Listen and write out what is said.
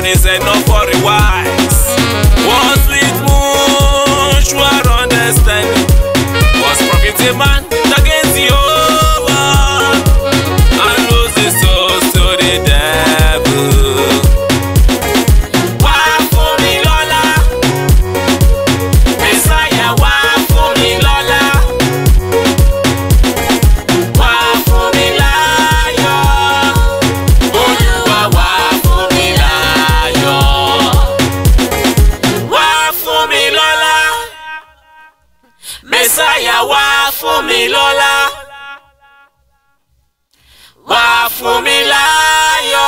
one is enough for the wise. One sweet moon, sure understand. was profitable. wá fún mi lọ́lá wá fún mi láyọ̀.